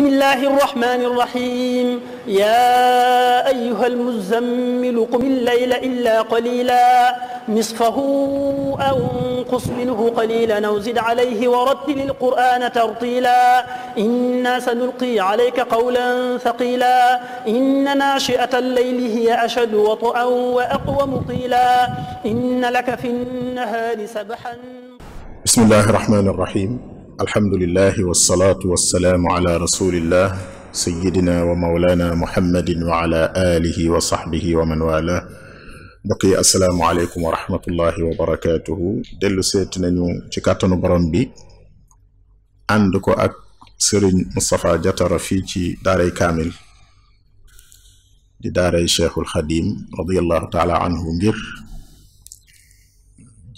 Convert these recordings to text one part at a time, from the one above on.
بسم الله الرحمن الرحيم يا أيها المزمل قم الليل إلا قليلا نصفه أو انقص منه قليلا أو زد عليه ورتل القرآن ترتيلا إنا سنلقي عليك قولا ثقيلا إن ناشئة الليل هي أشد وطئا وأقوم قيلا إن لك في النهار سبحا بسم الله الرحمن الرحيم alhamdulilahi walsalaatu walsalaamu ala rasulillah sayidina wa maulana muhammadin wa ala alihi wa saxbihi wa man wala mbokk yi asalaamualeykum wa rahmatullahi wa barakatuhu dellu seeti nañu ci kàttanu borom bi ànd ko ak sëriñ Moustapha Jatara fii ci daaray kaamil di daaray cheikhul xadim radiallahu taala anhu ngir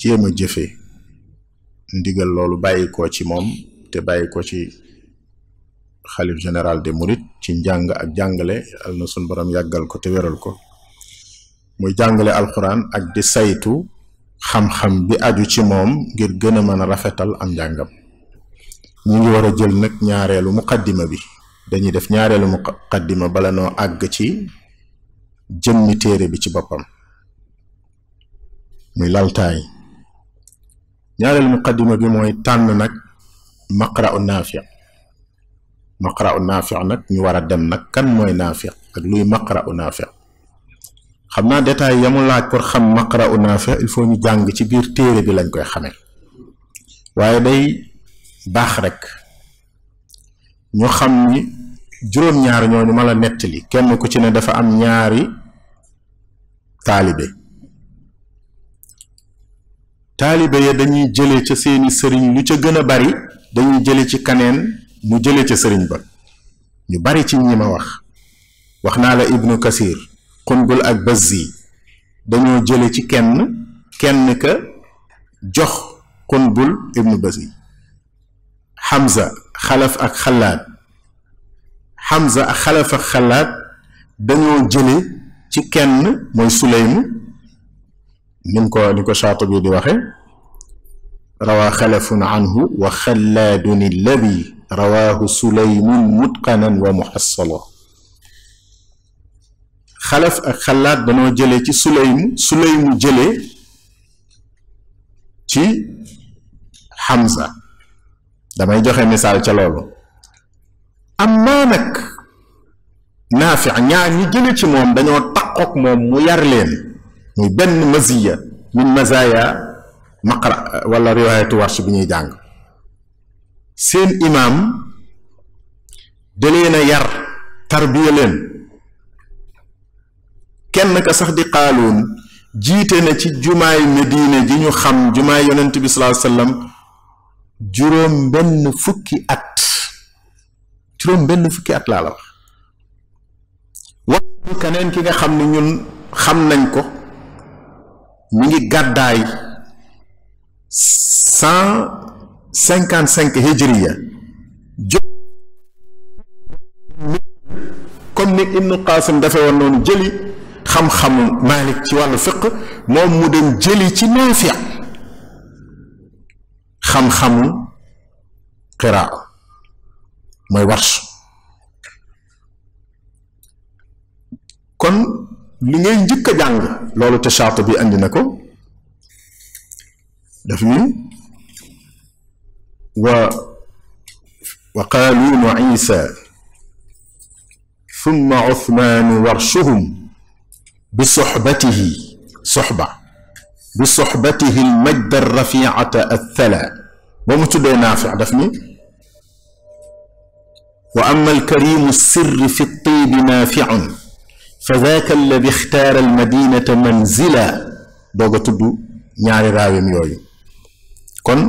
jéem a jëfe ndigal loolu bàyyi ko ci moom te bàyyi ko ci xalif général des mourides ci njàng ak jàngale al na yàggal ko te wéral ko muy jàngale alxuraan ak di saytu xam-xam bi aju ci moom ngir gën a mën a rafetal am njàngam ñu ngi war a jël nag ñaareelu muqaddima bi dañuy def ñaareelu muqaddima bala noo àgg ci jëmmi téere bi ci boppam muy laltaay ñaareel muqaddima bi mooy tànn nag maqra'u naafi maqra'u naafi nag ñu war a dem nag kan mooy naafi ak luy maqra'u naafi xam naa détail yamu laaj pour xam maqra'u naafi il faut ñu jàng ci biir téere bi lañ koy xamee waaye day baax rek ñu xam ni juróom-ñaar ñooñu ma la nettali kenn ku ci ne dafa am ñaari taalibe taalibe ya dañuy jële ca seeni sëriñ lu ca gën a bari dañuy jële ci kaneen mu jële ca sëriñ ba ñu bari ci ñi ma wax wax naa la ibnu kasir xunbul ak bazzi dañoo jële ci kenn kenn ka jox xunbul ibnu bazzi xamza xalaf ak xalaat xamza ak xalaf ak xalaat dañoo jële ci kenn mooy suleymu nim ko ni ko Shaatibi di waxe rawaa xalafun anhu wa xallaadun alladi rawaahu sulaymun mutqanan wa muhassala xalaf ak xalaat danoo jëlee ci sulaymu sulaymu jële ci Hamza damay joxe misaal ca loolu amma nag Naafi ñaar ñi jële ci moom dañoo taqook moom mu yar leen muy benn maziya min mazaya maqra wala riwaayatu warsh bi ñuy jàng seen imaam da leen a yar tarbiya leen kenn ka sax di xaaluun jiite na ci jumaay Medina ji ñu xam jumaay yonent bi sallallahu alayhi wasallam juróom benn fukki at juróom benn fukki at laa la wax wax keneen ki nga xam ne ñun xam nañ ko mi ngi gàddaay cent cinquante cinq hijriya comme ni Ibnu Qaasim dafe woon noonu jëli xam-xamu Maalik ci wàllu fiq moom mu dem jëli ci Naafi xam-xamu qiraa mooy warsh kon li ngay njëkk a jàng loolu te charte bi andi na ko daf ni wa wa qaaluun isa summa uthmaanu warshuhum bi soxbatihi soxba bi soxbatihi almajda alrafiata althala ba mu tuddee naafi daf ni wa ama alkarimu sirri fi tibi naafiun fa zaaka alladi ixtaara almadinata manzila doog tudd ñaari raawim yooyu kon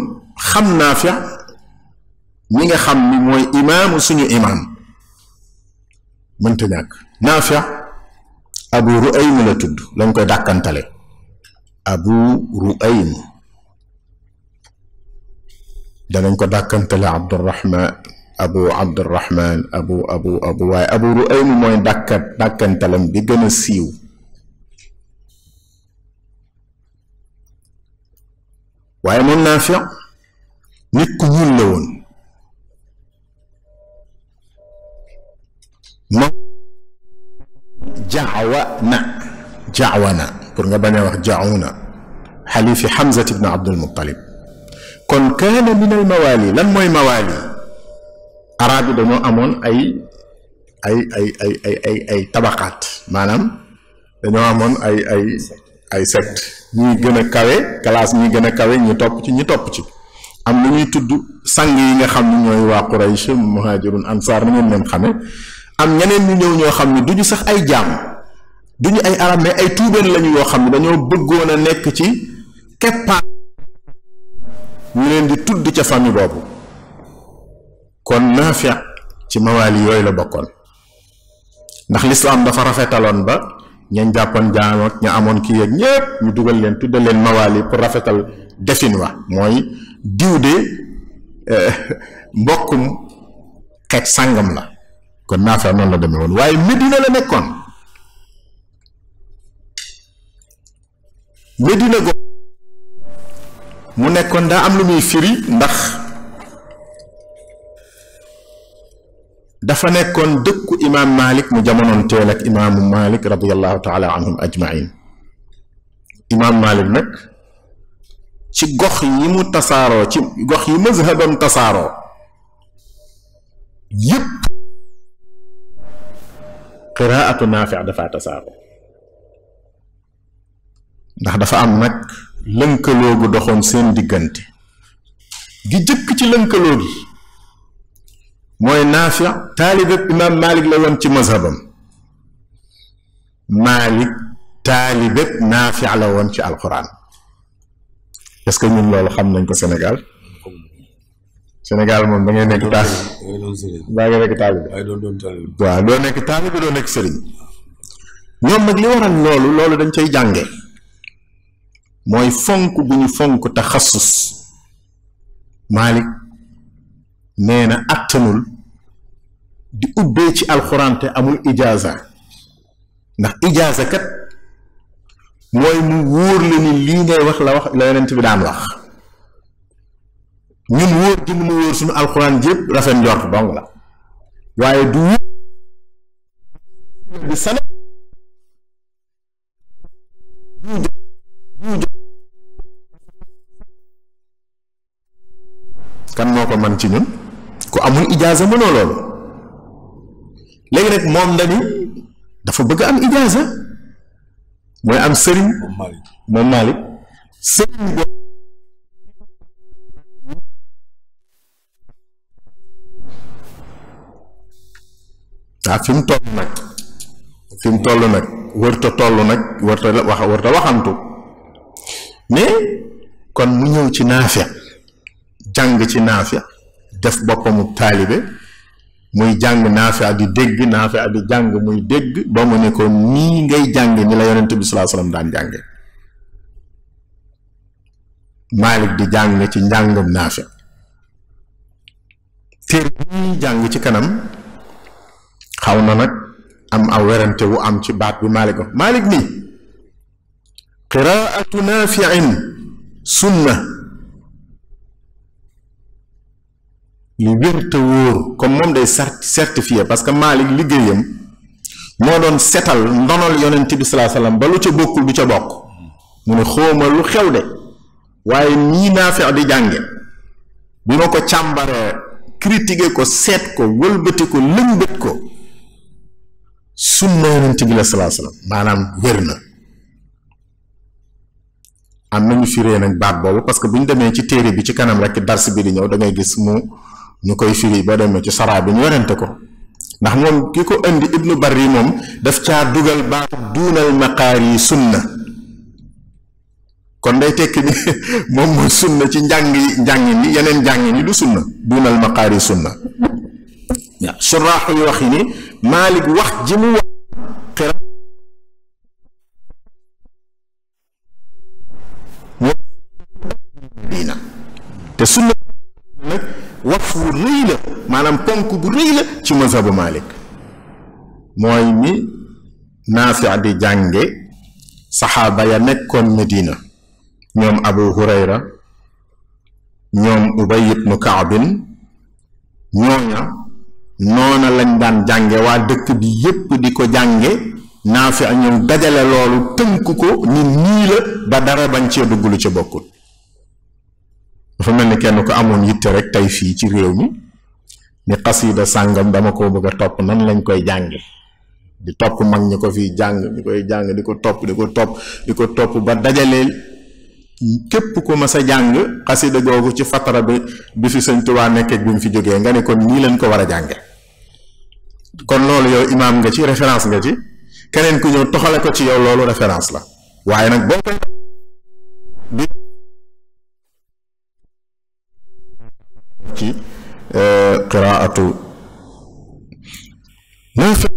xam naafi mi nga xam ni mooy imaamu suñu imaam mënta ñàkk naafi abu ruaym la tudd lañ koy dàkkantale abu ruaym danañ ko dàkkantale abdurahman abu abdurahman abu abu abu waaye abu ruaym mooy dàkkat dàkkantalam bi gën a siiw waaye moom Naafi nit ku ñuul la woon moom jaawa na jaawa na pour nga bañ a wax jaawu na xalifi Hamzat ibn Abdul Muttalib kon kaana min al mawaali lan mooy mawaali arab yi dañoo amoon ay ay ay ay ay ay ay tabaxaat maanaam dañoo amoon ay ay ay secte ñi gën a kawe classe ñi gën a kawe ñi topp ci ñi topp ci am lu ñuy tudd sang yi nga xam ne ñooy waa Quraysh muhajirun ansaar na ngeen leen xame am ñeneen ñu ñëw ñoo xam ne du ñu sax ay jaam du ñu ay arab mais ay tuubeen lañu yoo xam ne dañoo bëggoon a nekk ci keppaa ñu leen di tudd ca famille boobu kon Naafi ci mawaali yooyu la bokkoon ndax lislaam dafa rafetaloon ba ñañ jàppoon jaam ak ña amoon kii ak ñu dugal leen tudda leen mawaali pour rafetal defin wa mooy diw de eh, mbokkum xet sàngam la kon Naafi noonu la demee woon waaye Medina la nekkoon Medina go mu nekkoon daa am lu muy firi ndax dafa nekkoon dëkku imaam Malik mu jamonoon teel ak imaamu Malik radiallahu taala anhum imaam Malik nag ci gox yi mu tasaaroo ci gox yi mazhabam tasaaroo yépp qiraatu naafi dafa ndax dafa am nag lënkaloo gu doxoon seen diggante gi jëkk ci lënkaloo mooy naafi taalibeb imaam Malik la woon ci mazhabam Malik taalibeb naafi la woon ci alquran est-ce que ñun loolu xam nañ ko Sénégal Sénégal moom da ngay nekk taal baa nga nekk waaw doo nekk taalibe doo nekk sëriñ ñoom nag li waral loolu loolu dañ cay jànge mooy fonk bu ñu fonk taxasus Malik nee na attanul di ubbee ci alxuraan amul ijaaza ndax ijaaza kat mooy mu wóor la ni lii ngay wax la wax la yonent bi daan wax ñun wóor gi mu wóor suñu alxuraan yëpp rafet njort dong la waaye du wóor bi kan moo ko man ci ñun amul ijaaza mënoo loolu léegi nag moom dañu dafa bëgg am ijaaza mooy am sëriñ moom Malick sëriñ boo waaw fi mu toll nag fi mu toll nag wërta toll nag wërta wax waxantu mais kon mu ñëw ci naafiq jàng ci naafiq def boppam taalibe muy jàng naafi di dégg naafi di jàng muy dégg ba mu ne ko nii ngay jànge ni la yonent bi salaa salaam daan jànge Malik di jàng ci njàngam naafi téere bi ñuy jàng ci kanam xaw na nag am aw werante wu am ci baat bi Malik wax Malik nii qiraatu naafiin sunna lu wér te wóor comme moom day certifié parce que Malik liggéeyam moo doon setal ndonal yonent bi salaa salaam ba lu ca bokkul du ca bokk mu ne xawma lu xew de waaye nii Naafi' di jànge bi ma ko càmbaree critiquer ko seet ko wëlbati ko lëmbët ko sunna yonent bi la salaa maanaam wér na am nañu firee nag baat boobu parce que bu ñu demee ci téere bi ci kanam rek dars bi di ñëw da ngay gis mu ñu koy firi ba demee ci saraa bi ñu werante ko ndax moom ki ko indi ibnu bari moom def caa dugal baatu duunal maqaar yi sunna kon day tekki ni moom mooy sunna ci njàng njàngi ni yeneen njàngi ni du sunna duunal maqaar yi sunna waaw suraax yu wax yi ni maalik wax ji mu wax te sunna waqf bu rëy maanaam ponk bu rëy la ci mazhabu Malik mooy ni Naafi di jànge saxaaba ya nekkoon Medina ñoom Abu Hurayra ñoom Ubay ibnu Kaabin ñooña noona lañ daan jànge waa dëkk bi yépp di ko jànge Naafi ñoom dajale loolu tënk ko ni nii la ba dara bañ cee dugg lu ci bokkut dafa mel ni kenn ku amoon yitte rek tey fii ci réew mi ni xasida sàngam dama koo bëgg a topp nan lañ koy jànge di topp mag ñi ko fi jàng di koy jàng di ko topp di ko topp di ko topp ba dajaleel képp ku ma sa jàng xasida googu ci fatara bi bi fi sëñ Tuubaa nekkee bi mu fi jógee nga ne kon nii leen ko war a jànge kon loolu yow imaam nga ci référence nga ci keneen ku ñëw toxale ko ci yow loolu référence la waaye nag boo koy ci e, qiraatu nafi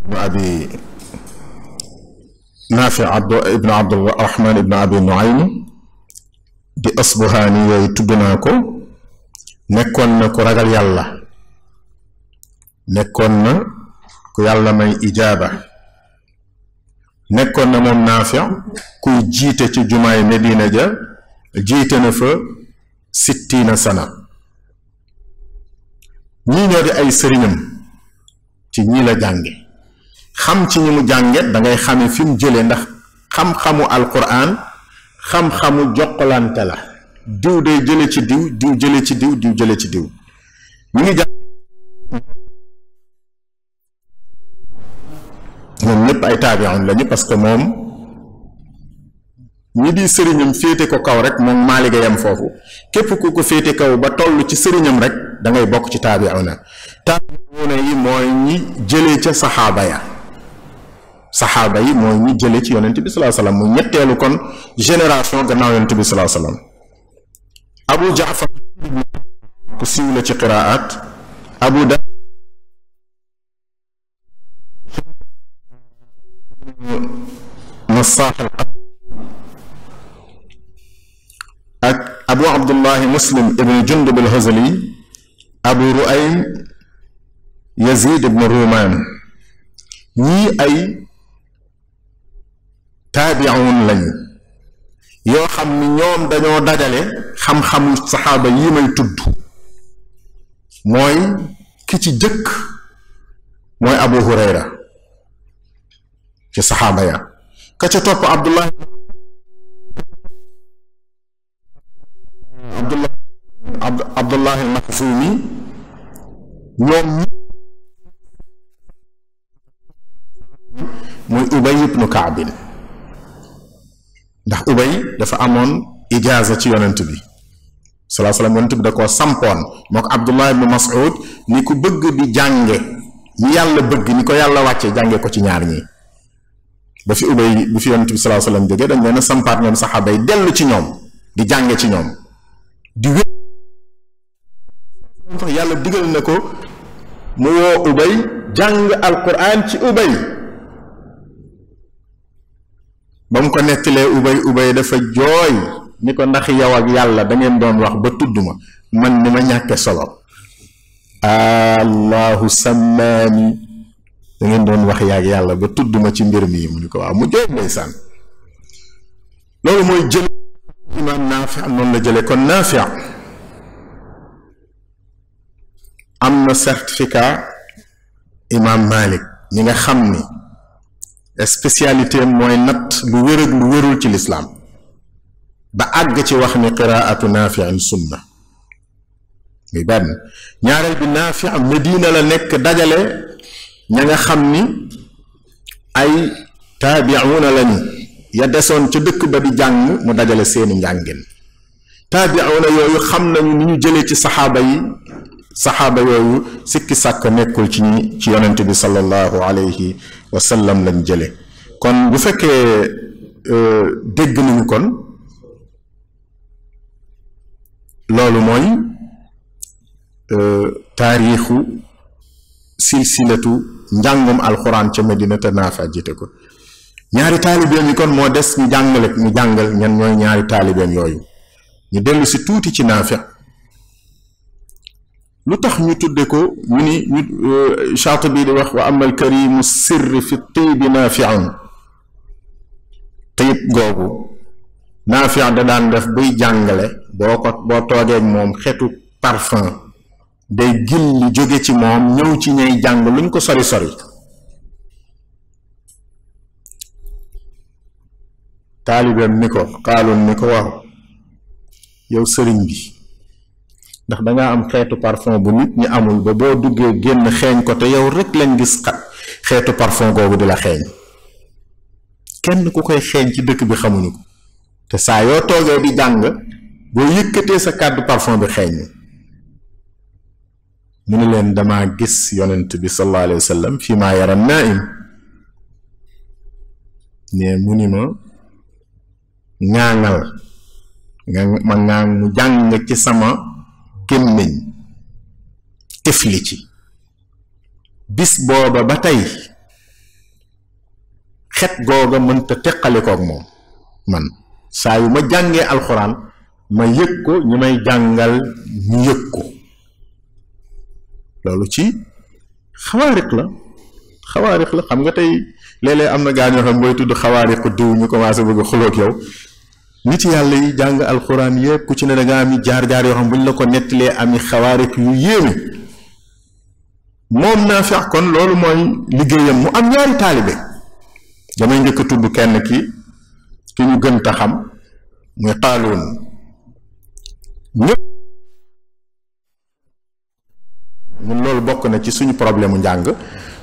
ibnu abi naafi ibnu abdurahman ibnu abi nuaym di asbuhaani yooyu tudd naa ko nekkoon na ku ragal yàlla nekkoon na ku yàlla may ijaaba nekkoon na moom naafi kuy jiite ci jumaay medina ja jiite na fa sittina sana ñii ñoo di ay sëriñam ci ñi la jànge xam ci ñi mu jànge dangay xame fi mu jële ndax xam-xamu alquran xam-xamu jokkalante la diw day jële ci diw diw jële ci diw diw jële ci diw ñu ngi jàng ñoom ñëpp ay taabion lañu parce que moom ñi di sëriñam féete ko kaw rek moom maaliga yam foofu képp ku ko féete kaw ba toll ci sëriñam rek da ngay bokk ci taabiuna na yi mooy ñi jële ca saxaaba ya saxaaba yi mooy ñi jëlee ci yonent bi salaa salaam mu ñetteelu kon génération gannaaw yonent bi salaa abu jaafar ku siiw la ci qiraat abu da abu abdullahi muslim ibn jundub al-huzali abu ruaym yazid ibn rumaan ñii ay taabi'un lañu yoo xam ni ñoom dañoo dajale xam-xamu saxaaba yi may tudd mooy ki ci jëkk mooy abu hurayra ci saxaaba ya ka ca topp abdullahi abdullah al maksumi ñoom muy ubay ibnu kaabin ndax ubay dafa amoon ijaaza ci yonent bi salaa salaam yonent bi da koo sampoon moo ko abdullah ibnu mas'ud ni ku bëgg di jànge ñi yàlla bëgg ni ko yàlla wàcce jànge ko ci ñaar ñi ba fi ubay bu fi yonent bi salaa salaam jógee dañ leen sampaat ñoom saxaaba dellu ci ñoom di jànge ci ñoom di wér digal na ko mu woo ubay jàng alquran ci ubay ba mu ko nettilee ubay ubay dafa jooy ni ko ndax yow ak yàlla da doon wax ba tudd ma man ni ma ñàkke solo allahu sammaani da doon wax yaag yàlla ba tudd ma ci mbir mi mu ni ko waaw mu jooy ndeysaan loolu mooy jël imaam naafi noonu la jële kon naafi am na certificat imam Malik ñi nga xam ni spécialité mooy natt lu wér lu wérul ci lislaam ba àgg ci wax ni qiraatu naafiin sunna muy benn ñaareel bi naafi Medina la nekk dajale ña nga xam ni ay taabiuuna lañu ya desoon ca dëkk ba di jàng mu dajale seeni njàngin taabiuuna yooyu xam nañu ni ñu jëlee ci saxaaba yi saxaaba yooyu sikki sàkk nekkul ci ci yonent bi sallallahu alayhi wa sallam lañ jële kon bu fekkee euh, dégg nañu kon loolu mooy euh, taarixu silsilatu njàngum alxuraan ca Medina te Naafi jiite ko ñaari taalibeem yi kon moo des ñu jàngale ñu jàngal ñan ñooy ñaari taalibeem yooyu ñu dellusi tuuti ci Naafi lu tax ñu tudde ko mu ni ñu Shaatibi euh, di wax wa amal karimu sirri fi tiibi naafian tiib googu naafian da daan def buy jàngale boo ko boo toogee moom xetu parfum day gilli jóge ci moom ñëw ci ñay jàng luñ ko sori sori taalibeem ni ko xaaloon ni ko waaw yow sëriñ bi ndax dangaa am xeetu parfum bu nit ñi amul ba boo duggee génn xeeñ ko te yow rek lañ gis xeetu parfum googu di la xeeñ kenn ku koy xeeñ ci dëkk bi xamuñu ko te saa yoo toogee di jàng boo yëkkatee sa kàddu parfum bi xeeñ mu ne leen dama gis yonent bi sallallahu alayhi wa sallam fii maa yara naim ne mu ni ma ŋaaŋal nga ma mu jàng ci sama gémmiñ tifli ci bis booba ba tey xet googa mënta teqale koog moom man saa yu ma jàngee alxuraan ma yëg ko ñu may jàngal ñu yëg ko loolu ci xawaariq la xawaariq la xam nga tey léeg am na gaa ñoo xam booy tudd xawaariqu diw ñu commencé bëgg a xulóog yow nit yàlla yi jàng alxuraan yëpp ku ci ne da nga am jaar-jaar yoo xam bu ñu la ko nettalee ami xawaarik yu yéeme moom naa fex kon loolu mooy liggéeyam mu am ñaari taalibe damay njëkk a tudd kenn ki ki ñu gën taxam xam muy xaaloon ñëpp ñun loolu bokk na ci suñu problème mu njàng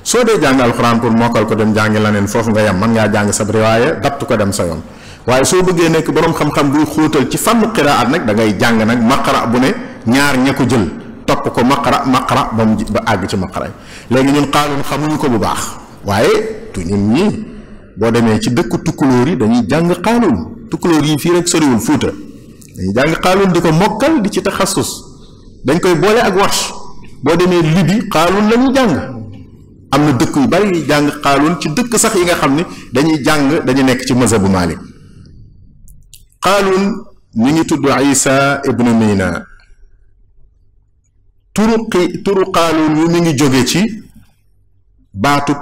soo dee jàng alxuraan pour mokkal ko dem jàngi leneen foofu nga yem mën ngaa jàng sa riwaaya dapt ko dem sa yoon waaye soo bëggee nekk boroom xam-xam buy xóotal ci fànn qiraat nag da ngay jàng nag maqara bu ne ñaar ña ko jël topp ko maqara maqara ba mu ba àgg ci maqara yi léegi ñun xaaluun xamuñu ko bu baax waaye du ñun boo demee ci dëkk tukkulóor yi dañuy jàng xaaluun tukkulóor yi fii rek soriwul fuuta dañuy jàng xaaluun di ko mokkal di ci taxasus dañ koy boole ak warsh boo demee libi xaaluun la ñuy jàng am na dëkk yu bari jàng xaaluun ci dëkk sax yi nga xam ne dañuy jàng dañu nekk ci mazhabu Maalik xaalun mi ngi tudd isa ibnu meyna turu turu xaalun yu mi ngi jóge ci baatub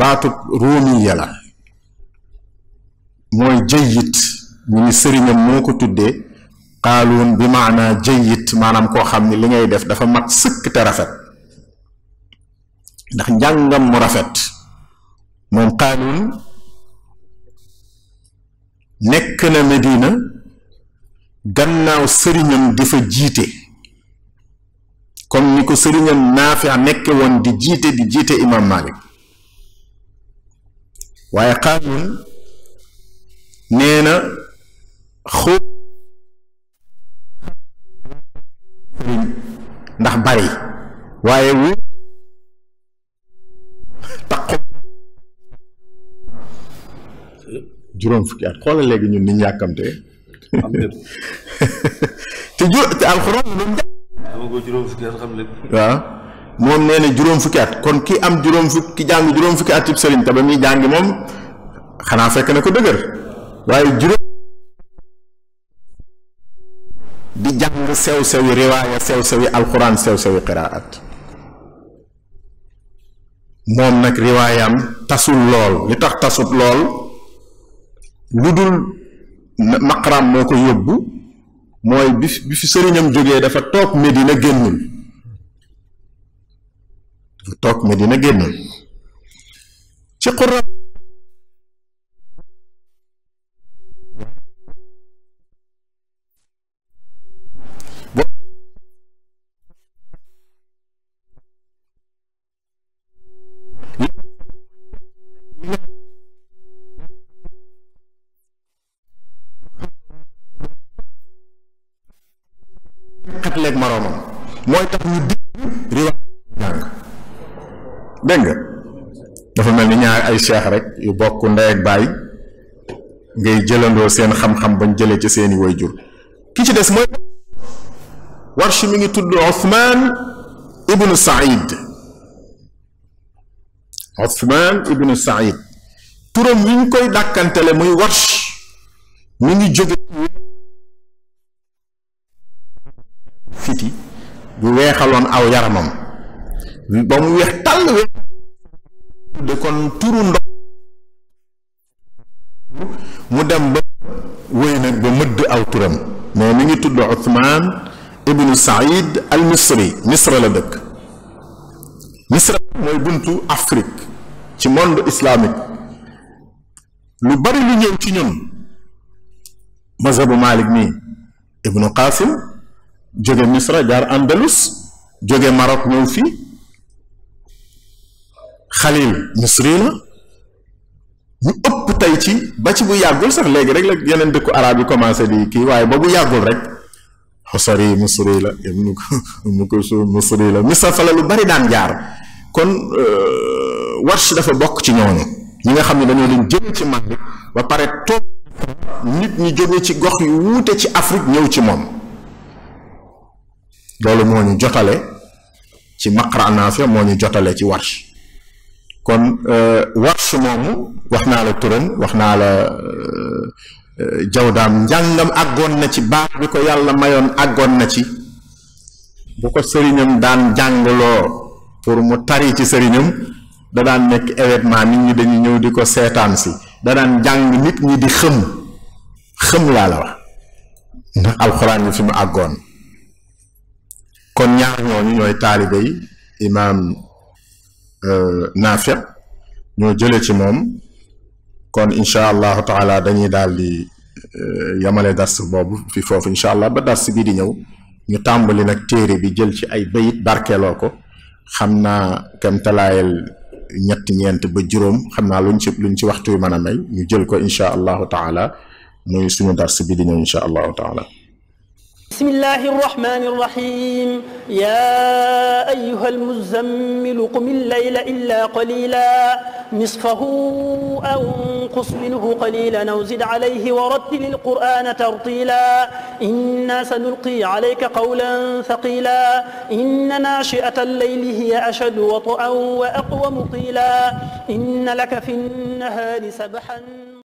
baatub róomiya la mooy jëyit ñu ngi sëriñam moo ko tuddee xaaluun bi maanaa maanaam koo xam ni li ngay def dafa mat sëkk te rafet ndax njàngam mu rafet moom xaaluun nekk na Medina gannaaw sëriñam di fa jiite comme ni ko sëriñam Naafi nekke woon di jiite di jiite imaam Maalik waaye Qaabil nee na xóot ndax bari waaye juróom fukki at xoolal léegi ñun ni ñu yàkkamtee. am te ju juróom fukki at waaw moom nee juróom fukki at kon ki am juróom fukki juróom fukki at ci sëriñ te ba muy jàng moom xanaa fekk na ko dëgër waaye juróom. di jàng sew sewi riwaaya sew sewi alxuraan sew sewi qiraat moom nag riwaayam tasul lool li tax tasut lool. lu dul maqaram moo ko yóbbu mooy bi bi fi sëriñam jógee dafa toog Medina génnul dafa toog Medina génnul ci xura ay cheikh rek yu bokk ndey ak baay ngay jëlandoo seen xam-xam bañ jëlee ci seeni way wayjur ki ci des mooy warsh mi ngi tudd Othman ibnu Saïd Othman ibnu Saïd turam yi ñu koy dàkkantele muy warsh mi ngi jóge bu weexaloon aw yaramam ba mu weex tàll weex de kon turu ndox mu dem ba wéy nag ba mëdd aw turam mais mi ngi tudd Othman ibnu Saïd al Misri Misra la dëkk Misra mooy buntu Afrique ci monde islamique lu bari lu ñëw ci ñun mazhabu Malik nii ibnu Qasim jóge Misra jaar Andalus jóge Maroc ñëw fii xalil misri la ñu ëpp tey ci ba ci bu yàggul sax léegi rek la yeneen dëkku araab yi commencé di kii waaye ba bu yàggul rek xosari misri la ibnu ibnu kusum misri la misra lu bari daan jaar kon euh, warsh dafa bokk ci ñooñu ñi nga xam ne dañoo leen jëm ci Malik ba pare toog nit ñi jóge ci gox yu wuute ci Afrique ñëw ci moom loolu moo ñu jotale ci maqra moo ñu jotale ci warsh kon euh, warsh moomu wax naa la turam wax naa la euh, euh, jawdaam njàngam àggoon na ci baax bi ko yàlla mayoon àggoon na ci bu ko sëriñam daan jàngloo pour mu tari ci sëriñam da daan nekk événement nit ñi dañu ñëw di ko seetaan si da daan jàng nit ñi di xëm xëm laa la wax ndax alxuraan yi fi mu àggoon kon ñaar ñooñu ñooy taalibe yi imaam Euh, naafia ñoo jële ci moom kon incha allahu taala dañuy daal di euh, yamale dars boobu fi foofu incha allah ba dars bii di ñëw ñu tàmbali nag téere bi jël ci ay bayit barkeeloo ko xam naa kem talaayal ñett ñeent ba juróom xam naa lu luñ ci luñ ci waxtu yu mën a may ñu jël ko incha allahu taala muy suñu dars bi di ñëw incha allahu taala بسم الله الرحمن الرحيم يا أيها المزمل قم الليل إلا قليلا نصفه أو انقص منه قليلا أو زد عليه ورتل القرآن ترتيلا إنا سنلقي عليك قولا ثقيلا إن ناشئة الليل هي أشد وطئا وأقوم قيلا إن لك في النهار سبحا